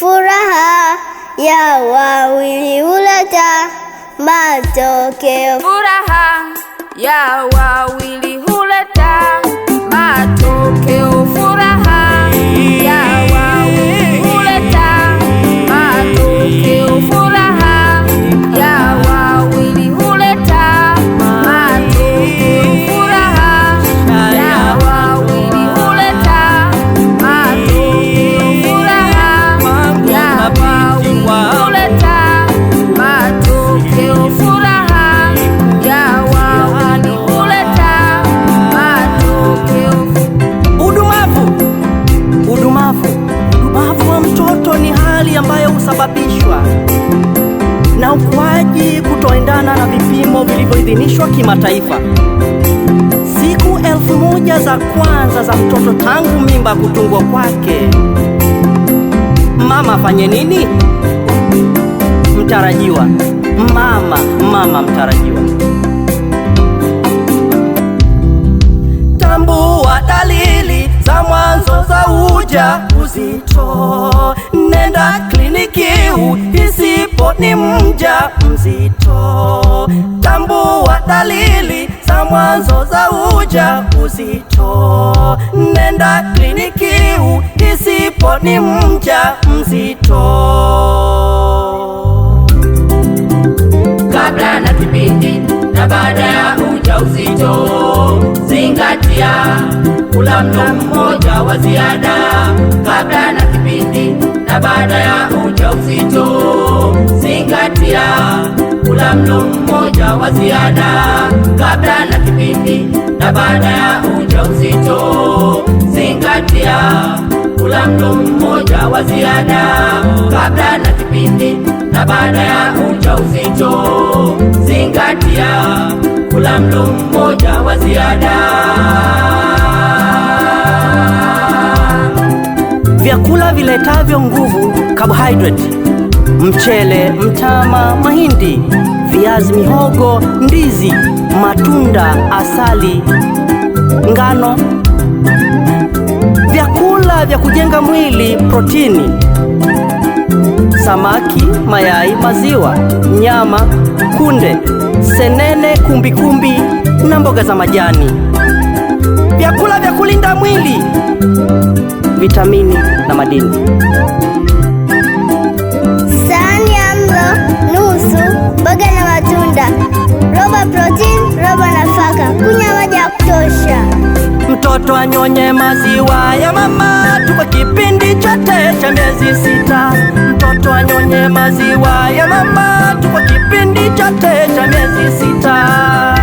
Furaha ya wawili huleta matokeo. Furaha ya wawili kusababishwa na ukuaji kutoendana na vipimo vilivyoidhinishwa kimataifa. Siku elfu moja za kwanza za mtoto tangu mimba kutungwa kwake, mama afanye nini? Mtarajiwa mama, mama mtarajiwa, tambua dalili za mwanzo za ujauzito. Nenda kiu isipo ni mja mzito. Tambua dalili za mwanzo za uja uzito, nenda kliniki isipo ni mja mzito. Kabla na kipindi na baada ya uja uzito zingatia kula mlo mmoja wa ziada kabla na baada ya ujauzito, zingatia kula mlo mmoja wa ziada kabla na kipindi na baada ya ujauzito, zingatia kula mlo mmoja wa ziada kabla na kipindi na baada ya ujauzito, zingatia kula mlo mmoja wa ziada. vyakula viletavyo nguvu carbohydrate: mchele, mtama, mahindi, viazi, mihogo, ndizi, matunda, asali, ngano. Vyakula vya kujenga mwili: protini, samaki, mayai, maziwa, nyama, kunde, senene, kumbikumbi na mboga za majani vyakula vya kulinda mwili, vitamini na madini. Sahani ya mlo nusu mboga na matunda, roba protini, roba nafaka. Kunywa maji ya kutosha. Mtoto anyonye maziwa ya mama tu kwa kipindi chote cha miezi sita. Mtoto anyonye maziwa ya mama tu kwa kipindi chote cha miezi sita.